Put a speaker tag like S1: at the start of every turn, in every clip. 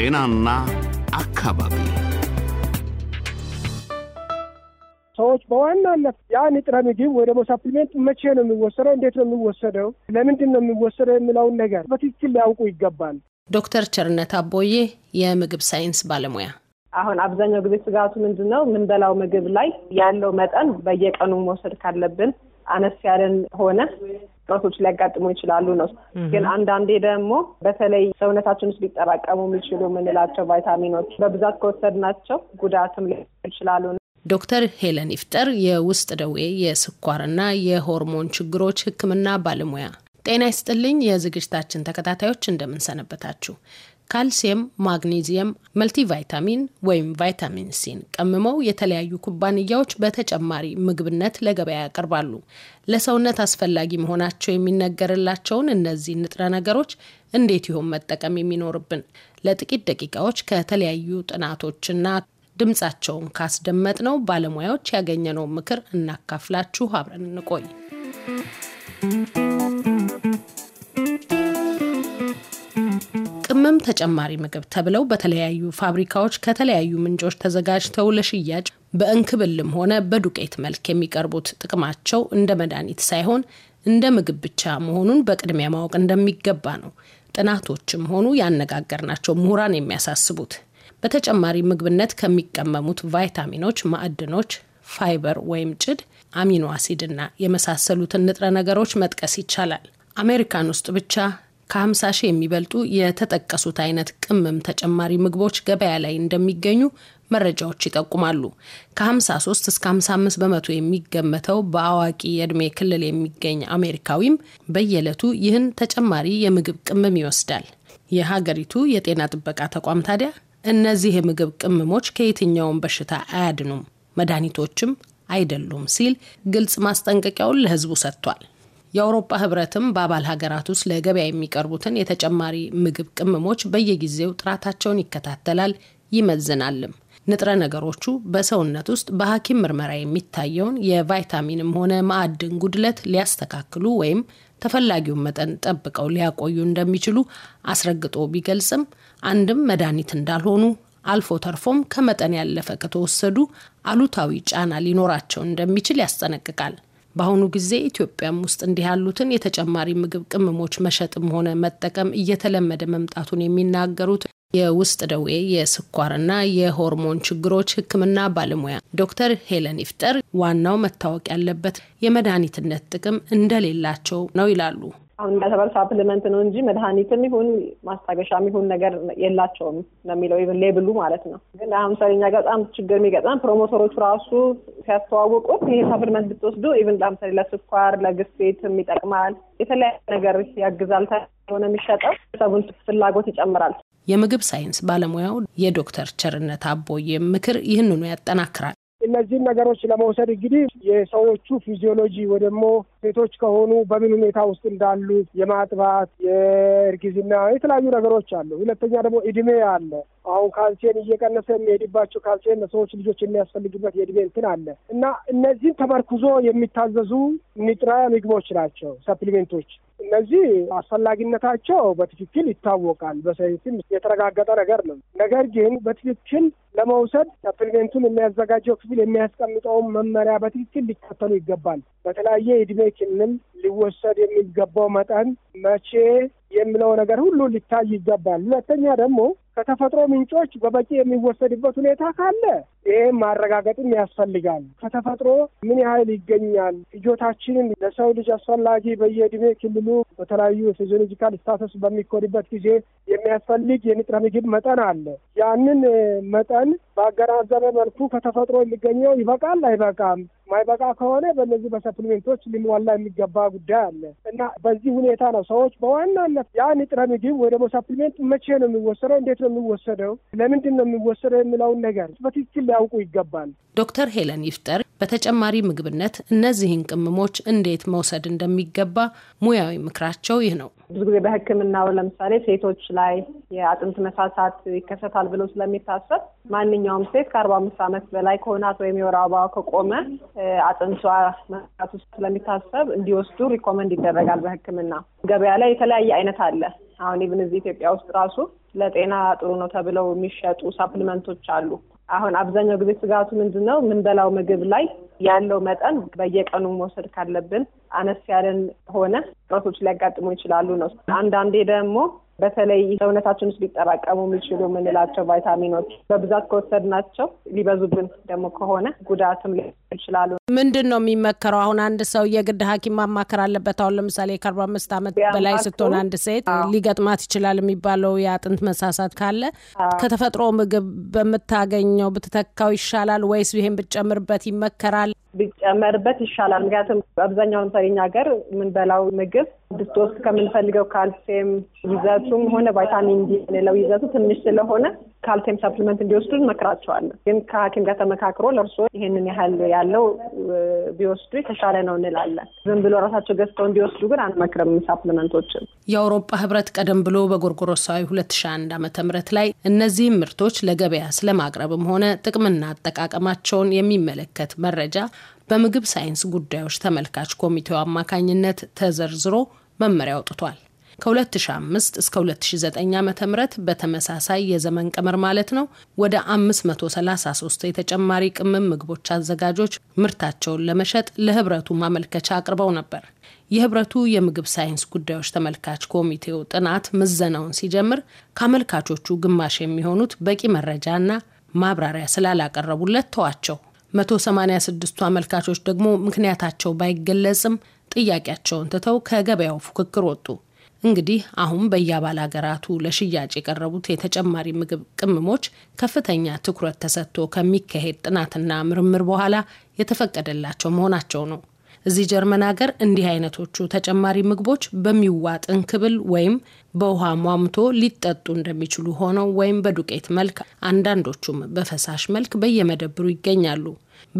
S1: ጤናና አካባቢ
S2: ሰዎች በዋናነት ያ ንጥረ ምግብ ወይ ደግሞ ሳፕሊሜንት መቼ ነው የሚወሰደው? እንዴት ነው የሚወሰደው? ለምንድን ነው የሚወሰደው? የሚለውን ነገር በትክክል ሊያውቁ ይገባል።
S1: ዶክተር ቸርነት አቦዬ የምግብ ሳይንስ ባለሙያ።
S3: አሁን አብዛኛው ጊዜ ስጋቱ ምንድን ነው? ምንበላው ምግብ ላይ ያለው መጠን በየቀኑ መውሰድ ካለብን አነስ ያለን ሆነ ጥረቶች ሊያጋጥሙ ይችላሉ ነው። ግን አንዳንዴ ደግሞ በተለይ ሰውነታችን ውስጥ ሊጠራቀሙ የሚችሉ የምንላቸው ቫይታሚኖች በብዛት ከወሰድናቸው ጉዳትም ሊ ይችላሉ።
S1: ዶክተር ሄለን ይፍጠር የውስጥ ደዌ የስኳርና የሆርሞን ችግሮች ሕክምና ባለሙያ። ጤና ይስጥልኝ የዝግጅታችን ተከታታዮች እንደምንሰነበታችሁ። ካልሲየም፣ ማግኔዚየም፣ መልቲቫይታሚን ወይም ቫይታሚን ሲን ቀምመው የተለያዩ ኩባንያዎች በተጨማሪ ምግብነት ለገበያ ያቀርባሉ። ለሰውነት አስፈላጊ መሆናቸው የሚነገርላቸውን እነዚህ ንጥረ ነገሮች እንዴት ይሆን መጠቀም የሚኖርብን? ለጥቂት ደቂቃዎች ከተለያዩ ጥናቶችና ድምጻቸውን ካስደመጥ ነው ባለሙያዎች ያገኘነውን ምክር እናካፍላችሁ። አብረን እንቆይ። ተጨማሪ ምግብ ተብለው በተለያዩ ፋብሪካዎች ከተለያዩ ምንጮች ተዘጋጅተው ለሽያጭ በእንክብልም ሆነ በዱቄት መልክ የሚቀርቡት ጥቅማቸው እንደ መድኃኒት ሳይሆን እንደ ምግብ ብቻ መሆኑን በቅድሚያ ማወቅ እንደሚገባ ነው ጥናቶችም ሆኑ ያነጋገርናቸው ምሁራን የሚያሳስቡት። በተጨማሪ ምግብነት ከሚቀመሙት ቫይታሚኖች፣ ማዕድኖች፣ ፋይበር ወይም ጭድ፣ አሚኖ አሲድ የመሳሰሉትን ንጥረ ነገሮች መጥቀስ ይቻላል። አሜሪካን ውስጥ ብቻ ከ50 ሺህ የሚበልጡ የተጠቀሱት አይነት ቅመም ተጨማሪ ምግቦች ገበያ ላይ እንደሚገኙ መረጃዎች ይጠቁማሉ። ከ53 እስከ 55 በመቶ የሚገመተው በአዋቂ የዕድሜ ክልል የሚገኝ አሜሪካዊም በየዕለቱ ይህን ተጨማሪ የምግብ ቅመም ይወስዳል። የሀገሪቱ የጤና ጥበቃ ተቋም ታዲያ እነዚህ የምግብ ቅመሞች ከየትኛውም በሽታ አያድኑም፣ መድኃኒቶችም አይደሉም ሲል ግልጽ ማስጠንቀቂያውን ለሕዝቡ ሰጥቷል። የአውሮፓ ህብረትም በአባል ሀገራት ውስጥ ለገበያ የሚቀርቡትን የተጨማሪ ምግብ ቅመሞች በየጊዜው ጥራታቸውን ይከታተላል ይመዝናልም። ንጥረ ነገሮቹ በሰውነት ውስጥ በሐኪም ምርመራ የሚታየውን የቫይታሚንም ሆነ ማዕድን ጉድለት ሊያስተካክሉ ወይም ተፈላጊውን መጠን ጠብቀው ሊያቆዩ እንደሚችሉ አስረግጦ ቢገልጽም አንድም መድኃኒት እንዳልሆኑ አልፎ ተርፎም ከመጠን ያለፈ ከተወሰዱ አሉታዊ ጫና ሊኖራቸው እንደሚችል ያስጠነቅቃል። በአሁኑ ጊዜ ኢትዮጵያም ውስጥ እንዲህ ያሉትን የተጨማሪ ምግብ ቅመሞች መሸጥም ሆነ መጠቀም እየተለመደ መምጣቱን የሚናገሩት የውስጥ ደዌ የስኳርና የሆርሞን ችግሮች ሕክምና ባለሙያ ዶክተር ሄለን ይፍጠር ዋናው መታወቅ ያለበት የመድኃኒትነት ጥቅም እንደሌላቸው ነው ይላሉ።
S3: አሁን እንደተባለ ሳፕሊመንት ነው እንጂ መድኃኒትም ይሁን ማስታገሻም ይሁን ነገር የላቸውም ነው የሚለው ኢቭን ሌብሉ ማለት ነው። ግን አሁን ሰሪኛ ጋር በጣም ችግር የሚገጥመን ፕሮሞተሮቹ ራሱ ሲያስተዋውቁት ይሄ ሳፕሊመንት ብትወስዱ ኢቨን ለምሳሌ ለስኳር ለግፊትም ይጠቅማል፣ የተለያየ ነገር ያግዛል ሆነ የሚሸጠው ሰቡን ፍላጎት ይጨምራል።
S1: የምግብ ሳይንስ ባለሙያው የዶክተር ቸርነት አቦዬ ምክር ይህንኑ ያጠናክራል።
S2: እነዚህን ነገሮች ለመውሰድ እንግዲህ የሰዎቹ ፊዚዮሎጂ ወይ ደግሞ ሴቶች ከሆኑ በምን ሁኔታ ውስጥ እንዳሉ የማጥባት የእርግዝና የተለያዩ ነገሮች አሉ። ሁለተኛ ደግሞ እድሜ አለ። አሁን ካልሲየም እየቀነሰ የሚሄድባቸው ካልሲየም ለሰዎች ልጆች የሚያስፈልግበት የእድሜ እንትን አለ እና እነዚህን ተመርኩዞ የሚታዘዙ ንጥረ ምግቦች ናቸው ሰፕሊሜንቶች። እነዚህ አስፈላጊነታቸው በትክክል ይታወቃል፣ በሳይንስም የተረጋገጠ ነገር ነው። ነገር ግን በትክክል ለመውሰድ ሰፕሊሜንቱን የሚያዘጋጀው ክፍል የሚያስቀምጠውን መመሪያ በትክክል ሊከተሉ ይገባል። በተለያየ እድሜ ክልል ሊወሰድ የሚገባው መጠን መቼ የሚለው ነገር ሁሉ ሊታይ ይገባል። ሁለተኛ ደግሞ ከተፈጥሮ ምንጮች በበቂ የሚወሰድበት ሁኔታ ካለ ይህም ማረጋገጥም ያስፈልጋል። ከተፈጥሮ ምን ያህል ይገኛል? ፍጆታችንን ለሰው ልጅ አስፈላጊ በየእድሜ ክልሉ በተለያዩ ፊዚዮሎጂካል ስታተስ በሚኮድበት ጊዜ የሚያስፈልግ የንጥረ ምግብ መጠን አለ። ያንን መጠን ባገናዘበ መልኩ ከተፈጥሮ የሚገኘው ይበቃል አይበቃም ማይበቃ ከሆነ በእነዚህ በሰፕሊሜንቶች ሊሟላ የሚገባ ጉዳይ አለ እና በዚህ ሁኔታ ነው ሰዎች በዋናነት ያ ንጥረ ምግብ ወይ ደግሞ ሰፕሊሜንት መቼ ነው የሚወሰደው፣ እንዴት ነው የሚወሰደው፣ ለምንድን ነው የሚወሰደው የሚለውን ነገር በትክክል ሊያውቁ ይገባል።
S1: ዶክተር ሄለን ይፍጠር በተጨማሪ ምግብነት እነዚህን ቅመሞች እንዴት መውሰድ እንደሚገባ ሙያዊ ምክራቸው ይህ ነው።
S3: ብዙ ጊዜ በሕክምናው ለምሳሌ ሴቶች ላይ የአጥንት መሳሳት ይከሰታል ብሎ ስለሚታሰብ ማንኛውም ሴት ከአርባ አምስት ዓመት በላይ ከሆናት ወይም የወር አበባዋ ከቆመ አጥንቷ መሳሳት ውስጥ ስለሚታሰብ እንዲወስዱ ሪኮመንድ ይደረጋል። በሕክምና ገበያ ላይ የተለያየ አይነት አለ። አሁን ኢቭን እዚህ ኢትዮጵያ ውስጥ ራሱ ለጤና ጥሩ ነው ተብለው የሚሸጡ ሳፕሊመንቶች አሉ። አሁን አብዛኛው ጊዜ ስጋቱ ምንድን ነው? ምንበላው ምግብ ላይ ያለው መጠን በየቀኑ መውሰድ ካለብን አነስ ያለን ሆነ ጥረቶች ሊያጋጥሙ ይችላሉ ነው። አንዳንዴ ደግሞ በተለይ ሰውነታችን ውስጥ ሊጠራቀሙ የሚችሉ የምንላቸው ቫይታሚኖች በብዛት ከወሰድናቸው ሊበዙብን ደግሞ ከሆነ ጉዳትም ይችላሉ።
S1: ምንድን ነው የሚመከረው? አሁን አንድ ሰው የግድ ሐኪም ማማከር አለበት። አሁን ለምሳሌ ከአርባ አምስት ዓመት በላይ ስትሆን አንድ ሴት ሊገጥማት ይችላል የሚባለው የአጥንት መሳሳት ካለ ከተፈጥሮ ምግብ በምታገኘው ብትተካው ይሻላል ወይስ ይሄን ብትጨምርበት ይመከራል? ቢጨመርበት ይሻላል። ምክንያቱም አብዛኛውን ሰው የኛ ሀገር የምንበላው ምግብ ብትወስድ
S3: ከምንፈልገው ካልሲየም ይዘቱም ሆነ ቫይታሚን ዲ የምንለው ይዘቱ ትንሽ ስለሆነ ካልሲየም ሰፕሊመንት እንዲወስዱ እንመክራቸዋለን። ግን ከሐኪም ጋር ተመካክሮ ለእርሶ ይሄንን ያህል ያለው ቢወስዱ የተሻለ ነው እንላለን። ዝም ብሎ ራሳቸው ገዝተው እንዲወስዱ ግን አንመክርም ሳፕሊመንቶችን።
S1: የአውሮፓ ህብረት ቀደም ብሎ በጎርጎሮሳዊ 2001 ዓመተ ምህረት ላይ እነዚህም ምርቶች ለገበያ ስለማቅረብም ሆነ ጥቅምና አጠቃቀማቸውን የሚመለከት መረጃ በምግብ ሳይንስ ጉዳዮች ተመልካች ኮሚቴው አማካኝነት ተዘርዝሮ መመሪያ አውጥቷል። ከ2005 እስከ 2009 ዓ ም በተመሳሳይ የዘመን ቀመር ማለት ነው ወደ 533 የተጨማሪ ቅመም ምግቦች አዘጋጆች ምርታቸውን ለመሸጥ ለህብረቱ ማመልከቻ አቅርበው ነበር። የህብረቱ የምግብ ሳይንስ ጉዳዮች ተመልካች ኮሚቴው ጥናት ምዘናውን ሲጀምር ከአመልካቾቹ ግማሽ የሚሆኑት በቂ መረጃና ማብራሪያ ስላላቀረቡለት ተዋቸው። 186ቱ አመልካቾች ደግሞ ምክንያታቸው ባይገለጽም ጥያቄያቸውን ትተው ከገበያው ፉክክር ወጡ። እንግዲህ አሁን በየአባል ሀገራቱ ለሽያጭ የቀረቡት የተጨማሪ ምግብ ቅመሞች ከፍተኛ ትኩረት ተሰጥቶ ከሚካሄድ ጥናትና ምርምር በኋላ የተፈቀደላቸው መሆናቸው ነው። እዚህ ጀርመን ሀገር እንዲህ አይነቶቹ ተጨማሪ ምግቦች በሚዋጥ እንክብል ወይም በውሃ ሟምቶ ሊጠጡ እንደሚችሉ ሆነው ወይም በዱቄት መልክ አንዳንዶቹም በፈሳሽ መልክ በየመደብሩ ይገኛሉ።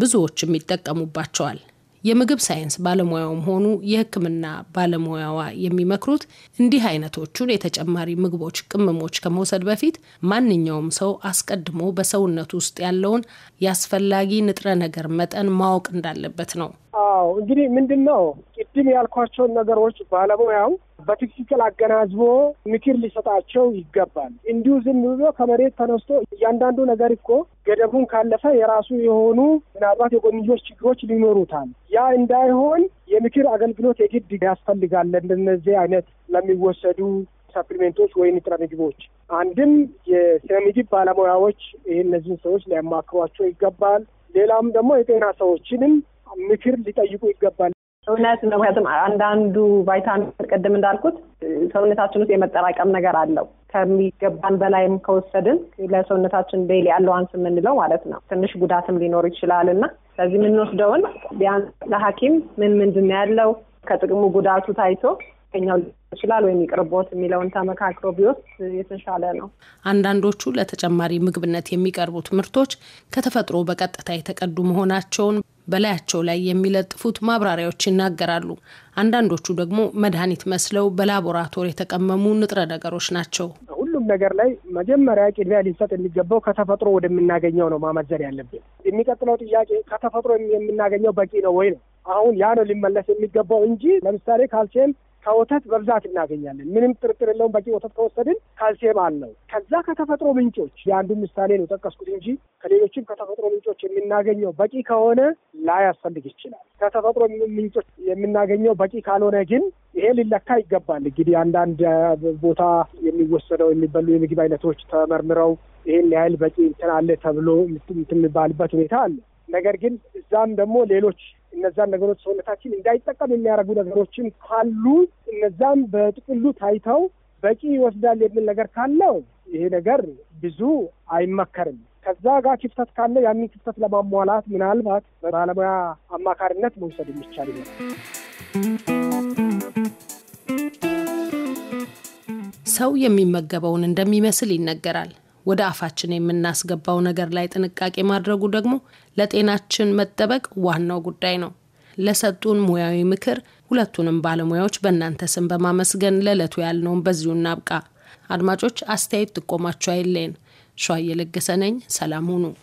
S1: ብዙዎችም ይጠቀሙባቸዋል። የምግብ ሳይንስ ባለሙያውም ሆኑ የሕክምና ባለሙያዋ የሚመክሩት እንዲህ አይነቶቹን የተጨማሪ ምግቦች ቅመሞች ከመውሰድ በፊት ማንኛውም ሰው አስቀድሞ በሰውነት ውስጥ ያለውን የአስፈላጊ ንጥረ ነገር መጠን ማወቅ እንዳለበት ነው።
S2: አዎ እንግዲህ ምንድን ነው ቅድም ያልኳቸውን ነገሮች ባለሙያው በትክክል አገናዝቦ ምክር ሊሰጣቸው ይገባል። እንዲሁ ዝም ብሎ ከመሬት ተነስቶ እያንዳንዱ ነገር እኮ ገደቡን ካለፈ የራሱ የሆኑ ምናልባት የጎንዮሽ ችግሮች ሊኖሩታል። ያ እንዳይሆን የምክር አገልግሎት የግድ ያስፈልጋል። እንደነዚህ አይነት ለሚወሰዱ ሰፕሊሜንቶች ወይ ንጥረ ምግቦች አንድም የስነ ምግብ ባለሙያዎች ይህ እነዚህን ሰዎች ሊያማክሯቸው ይገባል። ሌላም ደግሞ የጤና ሰዎችንም ምክር ሊጠይቁ ይገባል። እውነት ነው። ምክንያቱም አንዳንዱ ቫይታሚን ቅድም እንዳልኩት
S3: ሰውነታችን ውስጥ የመጠራቀም ነገር አለው። ከሚገባን በላይም ከወሰድን ለሰውነታችን ዴይሊ አለዋንስ የምንለው ማለት ነው ትንሽ ጉዳትም ሊኖር ይችላል እና ስለዚህ የምንወስደውን ቢያንስ ለሐኪም ምን ምንድን ነው ያለው ከጥቅሙ ጉዳቱ ታይቶ ኛው ይችላል ወይም ይቅርቦት የሚለውን ተመካክሮ ቢወስድ የተሻለ ነው።
S1: አንዳንዶቹ ለተጨማሪ ምግብነት የሚቀርቡት ምርቶች ከተፈጥሮ በቀጥታ የተቀዱ መሆናቸውን በላያቸው ላይ የሚለጥፉት ማብራሪያዎች ይናገራሉ። አንዳንዶቹ ደግሞ መድኃኒት መስለው በላቦራቶሪ የተቀመሙ ንጥረ ነገሮች ናቸው።
S2: ሁሉም ነገር ላይ መጀመሪያ ቅድሚያ ሊሰጥ የሚገባው ከተፈጥሮ ወደምናገኘው ነው ማመዘን ያለብን። የሚቀጥለው ጥያቄ ከተፈጥሮ የምናገኘው በቂ ነው ወይ ነው። አሁን ያ ነው ሊመለስ የሚገባው እንጂ ለምሳሌ ካልሲየም ከወተት በብዛት እናገኛለን። ምንም ጥርጥር የለውም። በቂ ወተት ከወሰድን ካልሲየም አለው። ከዛ ከተፈጥሮ ምንጮች የአንዱ ምሳሌ ነው ጠቀስኩት እንጂ ከሌሎችም ከተፈጥሮ ምንጮች የምናገኘው በቂ ከሆነ ላያስፈልግ ይችላል። ከተፈጥሮ ምንጮች የምናገኘው በቂ ካልሆነ ግን ይሄ ሊለካ ይገባል። እንግዲህ አንዳንድ ቦታ የሚወሰደው የሚበሉ የምግብ አይነቶች ተመርምረው ይህን ያህል በቂ እንትን አለ ተብሎ የሚባልበት ሁኔታ አለ። ነገር ግን እዛም ደግሞ ሌሎች እነዛን ነገሮች ሰውነታችን እንዳይጠቀም የሚያደርጉ ነገሮችም ካሉ እነዛም በጥቅሉ ታይተው በቂ ይወስዳል የሚል ነገር ካለው ይሄ ነገር ብዙ አይመከርም። ከዛ ጋር ክፍተት ካለ ያንን ክፍተት ለማሟላት ምናልባት በባለሙያ አማካሪነት መውሰድ የሚቻል ይሆናል።
S1: ሰው የሚመገበውን እንደሚመስል ይነገራል። ወደ አፋችን የምናስገባው ነገር ላይ ጥንቃቄ ማድረጉ ደግሞ ለጤናችን መጠበቅ ዋናው ጉዳይ ነው። ለሰጡን ሙያዊ ምክር ሁለቱንም ባለሙያዎች በእናንተ ስም በማመስገን ለዕለቱ ያልነውን በዚሁ እናብቃ። አድማጮች፣ አስተያየት ጥቆማቸው አይለን ሸ የለገሰ ነኝ። ሰላም ሁኑ።